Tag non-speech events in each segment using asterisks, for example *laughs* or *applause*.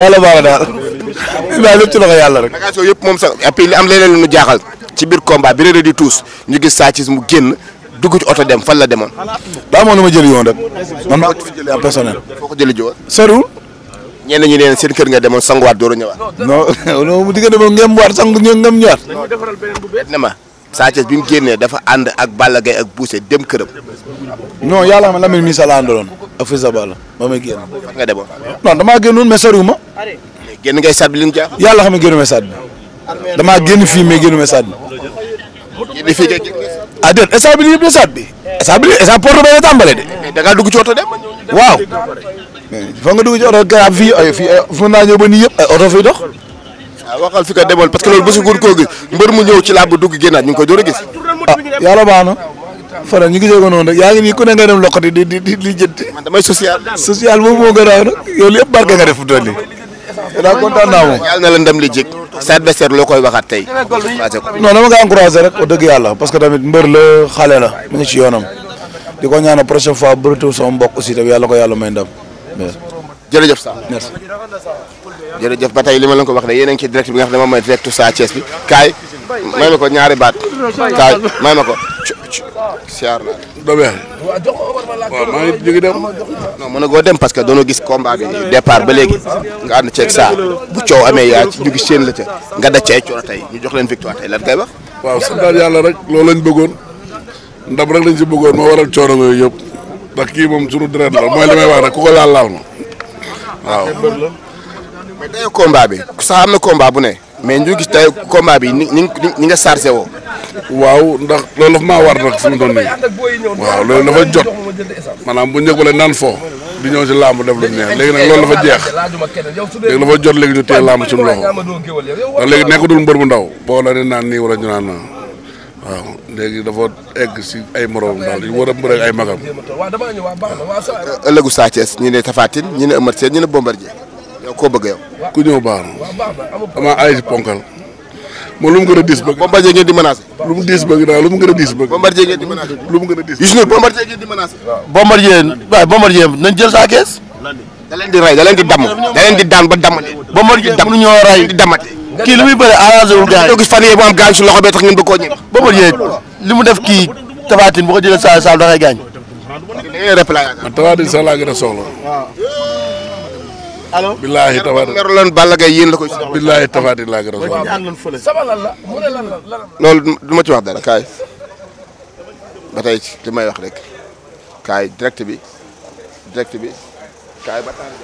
yàlla baax daal maa ci loxo yàlla rek. yëpp moom sax et puis li am leneen lu ñu jaaxal ci biir combat bi réeré di tuus ñu gis Sa Thiès mu génn dugg ci oto dem fan la demoon. daa moom nu ma jëli yoon rek man maa ko fi jëlee en personnel. foo ko jëli jiwoon. soriwul. ñenn ñi kër nga demoon sanguwaat door a ñëwaat. non *laughs* non mu digga demoon ngem waat sangu ngem ñëwaat. ne ma Sa bi mu dafa ànd ak Balla ak Bousse dem këram. non yàlla ma Lamine mi sa la àndaloon. ak Fils de Balla ba may génn. fan mais génn ngay stade bi li mu jaaxal. yàlla xam ne génnuma stade bi damaa génn fii mais génnuma stade bi. génn fii kay. ah déet stade bi nii yëpp la stade bi. stade bi stade porte bay la tàmbalee de. mais da ngaa dugg ci oto dem. waaw. fa nga dugg ci oto garab fii ay fii ay mën naa ñëw ba nii yëpp ay oto fiy dox. waaw ah, waxal fi ko demoon parce que loolu bésu nguur koo gis mbër mu ñëw ci làmb dugg génnaat ñu ngi koy door a gis. ah yàlla baax na. Fara ñu gisee ko noonu rek yaa ngi nii ku ne nga dem loxo di di di di jënd. man damay social. social moom moo gën a nag yow lépp barke nga def fu toll nii te daal kontaan naa moom. yàlla na la ndam li jik sa adversaire loo koy waxaat tey. non dama koy encouragé rek wax dëgg yàlla parce que tamit mbër la xale la mu ngi ci yoonam di ko ñaanal prochaine fois bu retour sama mbokk aussi tamit yàlla ko yàlla may ndam. merci jërëjëf ba tey li ma a may ma ko ñaari baat may ma ko siyaar naa la. doo weer. waaw mën na koo dem parce que doon gis combat bi ah, ba ah. léegi nga ànd ceeg saa bu coow amee yaa ci jóge seen la ca nga da cee coono tey ñu jox leen victoire tey lan kay wax. waaw santaat yàlla rek loolu lañ bëggoon ndam rek lañ si bëggoon moo waral coono yooyu yëpp ndax kii moom sunu deret la mooy li may wax rek ku ko laal laal ma waaw. mais tey combat bi sax am na combat bu ne mais ñu gis tey combat bi ni ni nga chargé woo. waaw ndax loolu dafa maa war nag fi mu nii waaw loolu dafa jot maanaam bu njëkk wala naan foo di ñëw si làmb léegi nag loolu dafa jeex léegi dafa jot léegi ñu téye làmb suñu loxo ndax léegi nekkatul mbër mu ndaw boo la ne naan nii wala ñu naan naa waaw léegi dafa egg si ay moroom daal yu war a mbër ay magam. ëllëgu Sa Thiès ñi ne Tapha ñi ne Eumeu Sène ñi ne Bombardier yow koo bëgg yow. ku ñëw baax na damaa aay si ponkal. moom lu mu gën a diis bëgg. Bombardier ngeen di menacé. lu mu diis bëgg naa lu mu gën a diis bëgg. Bombardier ngeen di menacé. lu mu gën a diis Youssou Ndour Bombardier ngeen di menacé. waaw Bombardier waaw Bombardier nañ jël saa kees. da leen di rey da leen di damm da leen di daan ba dammate. Bombardier mënuñoo rey di dammate. kii li muy bëri arrangé wul gars yi. gis fan yii bu am gaañ si loxo bee tax ngeen bëgg koo ñëw. Bombardier li mu def kii Tapha Tine bu ko jëlee saa saal da ngay gaañ. da ngay replayaat. Ah, man Tapha Tine sax laa gën a soxla. allo billaahi tafaati meru lan Balla Gaye yéen la koy soxla billaahi tafaati a soxla sama lan la mu loolu du ma ci wax dara kaay ba ci li may wax rek kaay direct bi direct bi kaay ba taal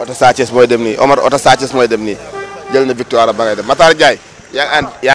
oto Sathiès mooy dem nii Omar oto Sathiès mooy dem nii jël na victoire ba ngay dem Matar Ndiaye yaa ngi ànd